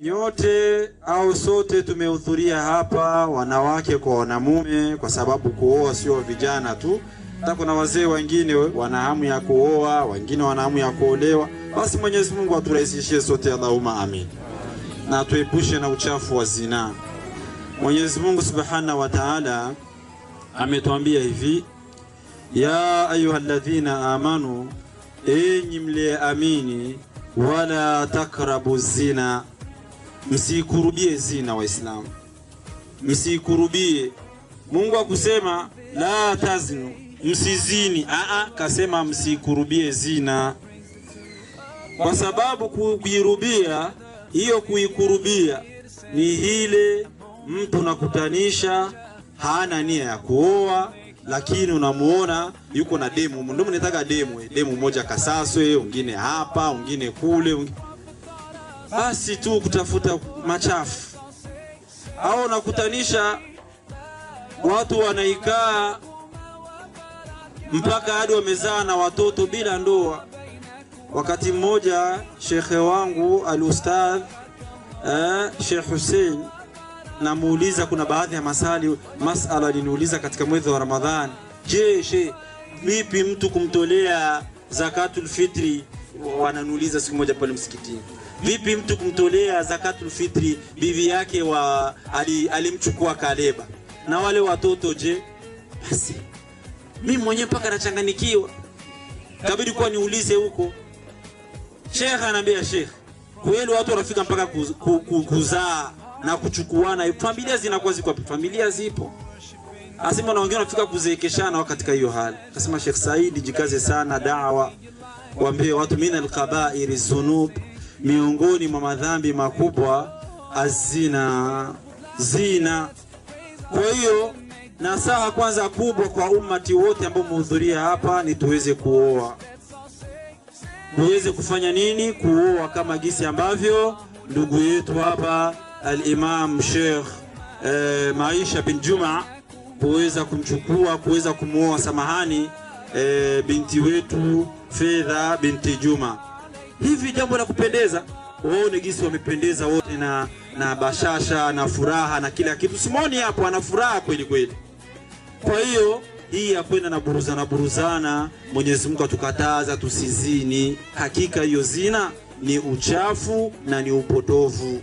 Nyote au sote tumehudhuria hapa, wanawake kwa wanamume, kwa sababu kuoa sio vijana tu, hata kuna wazee wengine wana hamu ya kuoa, wengine wana hamu ya kuolewa. Basi Mwenyezi Mungu aturahisishie sote, Allahumma amin, na tuepushe na uchafu wa zinaa. Mwenyezi Mungu Subhanahu wa Ta'ala ametuambia hivi, ya ayuhaladhina amanu, enyi amini wala takrabu zina msiikurubie zina Waislamu, msiikurubie. Mungu akusema la tazinu, msizini. Aa, kasema msiikurubie zina, kwa sababu kuirubia hiyo, kuikurubia ni ile mtu nakutanisha hana nia ya kuoa lakini unamuona yuko na demu, ndio mnataka demu, demu moja Kasaswe, ungine hapa, ungine kule, ungine basi tu kutafuta machafu, au unakutanisha watu wanaikaa mpaka hadi wamezaa na watoto bila ndoa. Wakati mmoja shekhe wangu alustadh eh, Sheikh Hussein namuuliza, kuna baadhi ya masali masala aliniuliza katika mwezi wa Ramadhani, je, she vipi mtu kumtolea zakatul fitri? Wananiuliza siku moja pale msikitini. Vipi mtu kumtolea zakatul fitri bibi yake wa alimchukua ali Kaleba na wale watoto je? Basi mimi mwenyewe mpaka nachanganikiwa, kabidi kuwa niulize huko. Sheikh anaambia Sheikh, kweli watu wanafika mpaka kuzaa ku, ku, kuza, na kuchukuana, familia zinakuwa ziko wapi? Familia zipo asema, na wengine wanafika kuzeekeshana katika hiyo hali. Akasema Sheikh Saidi, jikaze sana dawa, wambie watu min alqabairi zunub miongoni mwa madhambi makubwa azina zina. Kwa hiyo nasaha kwanza kubwa kwa ummati wote ambao umehudhuria hapa ni tuweze kuoa, tuweze kufanya nini? Kuoa kama gisi ambavyo ndugu yetu hapa al-Imam Sheikh eh, Maisha bin Juma kuweza kumchukua kuweza kumwoa, samahani, eh, binti wetu Fedha binti Juma hivi jambo la kupendeza waone gisi wamependeza wote na, na bashasha na furaha na kila kitu. Simoni hapo ana furaha kweli kweli. Kwa hiyo hii ya kwenda na buruzana buruzana, Mwenyezi Mungu atukataza tusizini. Hakika hiyo zina ni uchafu na ni upotovu.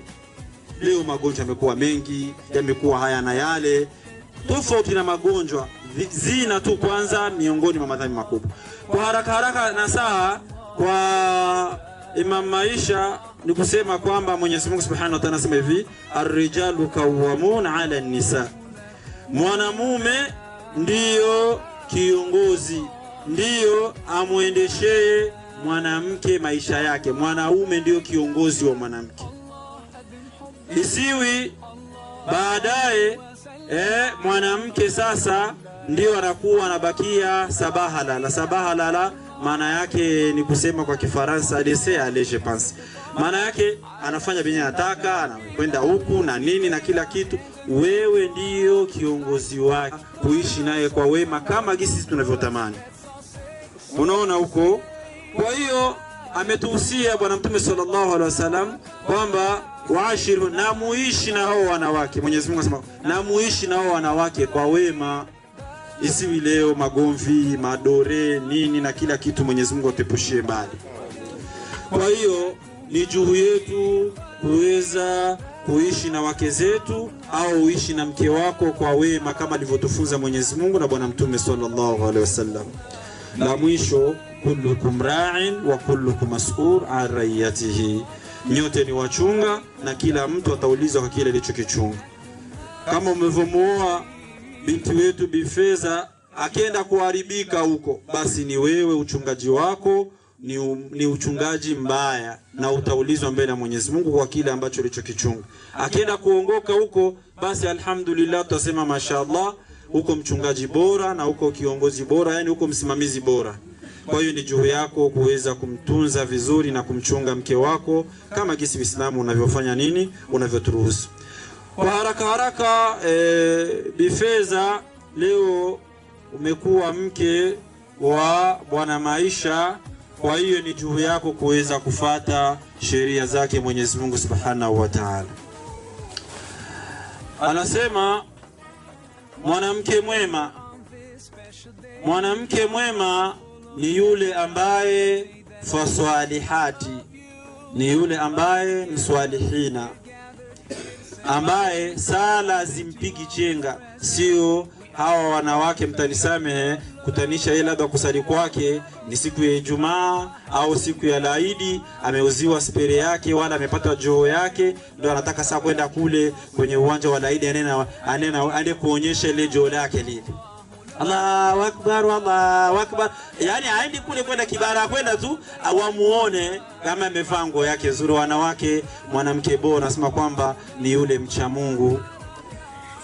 Leo magonjwa yamekuwa mengi, yamekuwa haya na yale, tofauti na magonjwa zina tu kwanza miongoni mwa madhambi makubwa. Kwa haraka haraka na saa kwa Imam Maisha ni kusema kwamba Mwenyezi Mungu Subhanahu wa Ta'ala anasema hivi, ar-rijalu qawwamun 'ala an-nisa, mwanamume ndiyo kiongozi, ndiyo amwendeshee mwanamke maisha yake. Mwanaume ndiyo kiongozi wa mwanamke, isiwi baadaye eh, mwanamke sasa ndio anakuwa anabakia sabahala la sabahala la maana yake ni kusema kwa Kifaransa laisser aller je pense, maana yake anafanya vyenye anataka, anakwenda huku na nini na kila kitu. Wewe ndio kiongozi wake, kuishi naye kwa wema kama gisi tunavyotamani, unaona huko. Kwa hiyo ametuhusia Bwana Mtume sallallahu alaihi wasallam kwamba waashiru, na muishi na hao wanawake. Mwenyezi Mungu anasema na muishi na hao wanawake kwa wema isiwi leo magomvi madore nini na kila kitu, Mwenyezi Mungu atepushie mbali. Kwa hiyo ni juhu yetu kuweza kuishi na wake zetu au uishi na mke wako kwa wema kama alivyotufunza Mwenyezi Mungu na Bwana Mtume sallallahu alaihi wasallam. La mwisho, kullukum ra'in wa kullukum mas'ul an raiyatihi, nyote ni wachunga na kila mtu ataulizwa kwa kile alichokichunga. Kama umevyomuoa binti wetu Bifeza akienda kuharibika huko, basi ni wewe, uchungaji wako ni, u, ni uchungaji mbaya na utaulizwa mbele ya Mwenyezi Mungu kwa kile ambacho ulichokichunga. Akienda kuongoka huko, basi alhamdulillah, tutasema mashaallah, huko mchungaji bora na huko kiongozi bora, yani huko msimamizi bora. Kwa hiyo ni juu yako kuweza kumtunza vizuri na kumchunga mke wako kama gisi Uislamu unavyofanya nini, unavyoturuhusu. Kwa haraka haraka e, Bifeza leo umekuwa mke wa Bwana Maisha, kwa hiyo ni juu yako kuweza kufata sheria zake Mwenyezi Mungu Subhanahu wa Ta'ala. Anasema mwanamke mwema, mwanamke mwema ni yule ambaye faswalihati, ni yule ambaye mswalihina ambaye sala zimpigi chenga, sio hawa wanawake, mtanisamehe kutanisha yeye, labda kusali kwake ni siku ya Ijumaa au siku ya laidi, ameuziwa spere yake wala amepata joho yake, ndio anataka saa kwenda kule kwenye uwanja wa laidi, anena anena, ane kuonyesha ile joho lake lile Allahu akbar, Allahu akbar. Yani aendi kule kwenda kibara, kwenda tu awamuone kama amevaa nguo yake nzuri. Wanawake, mwanamke bora nasema kwamba ni yule mcha Mungu,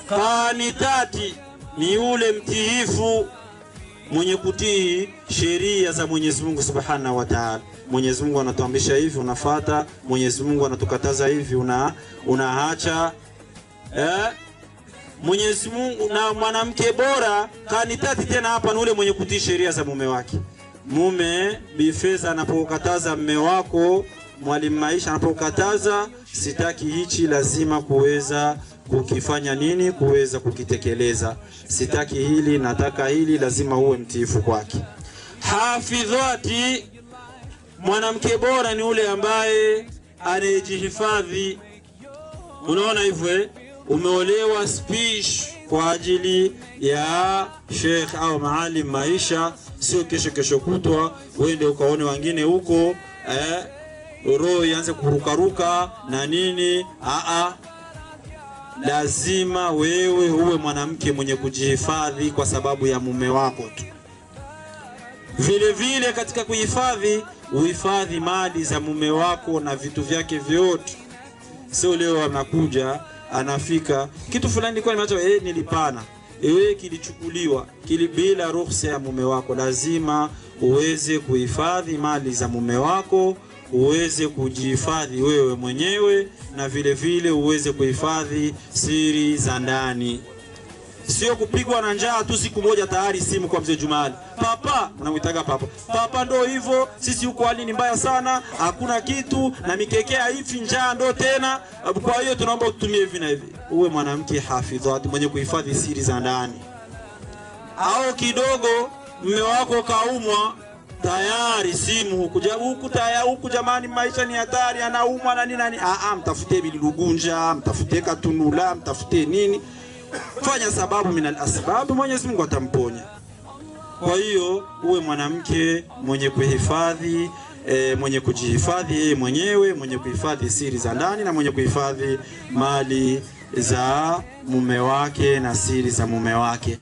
kanitati ni yule mtiifu mwenye kutii sheria za Mwenyezi Mungu Subhanahu wa Ta'ala. Mwenyezi Mungu anatuambisha hivi unafata, Mwenyezi Mungu anatukataza hivi una unaacha eh? Mwenyezi Mungu na mwanamke bora kanitati tena hapa ni ule mwenye kutii sheria za mume wake. Mume bifeza anapokataza mme wako, Mwalimu Maisha anapokataza sitaki hichi, lazima kuweza kukifanya nini, kuweza kukitekeleza. Sitaki hili, nataka hili, lazima uwe mtiifu kwake. Hafidhati, mwanamke bora ni ule ambaye anayejihifadhi. Unaona hivyo eh? umeolewa speech kwa ajili ya sheikh au maalim maisha, sio kesho kesho kutwa uende ukaone wengine huko eh, roho ianze kurukaruka na nini. Aa, lazima wewe uwe mwanamke mwenye kujihifadhi kwa sababu ya mume wako tu. Vile vile katika kuhifadhi, uhifadhi mali za mume wako na vitu vyake vyote, sio leo anakuja anafika kitu fulani nilikuwa nimeacha eh, nilipana eh, kilichukuliwa kili bila ruhusa ya mume wako. Lazima uweze kuhifadhi mali za mume wako, uweze kujihifadhi wewe mwenyewe, na vile vile uweze kuhifadhi siri za ndani sio kupigwa na njaa tu siku moja, tayari simu kwa mzee Jumali. Papa namuitaga papa, papa ndo hivyo, sisi huko hali ni mbaya sana, hakuna kitu na mikekea hivi, njaa ndo tena. Kwa hiyo tunaomba utumie hivi na hivi. Uwe mwanamke hafidhat, mwenye kuhifadhi siri za ndani, au kidogo mme wako kaumwa tayari simu huku huku tayari huku, jamani, maisha ni hatari, anaumwa na nini nani. Ah, ah mtafutie bilugunja, mtafutie katunula, mtafutie nini fanya sababu minal asbabu, Mwenyezi Mungu atamponya. Kwa hiyo uwe mwanamke mwenye kuhifadhi E, mwenye kujihifadhi yeye mwenyewe, mwenye kuhifadhi siri za ndani na mwenye kuhifadhi mali za mume wake na siri za mume wake.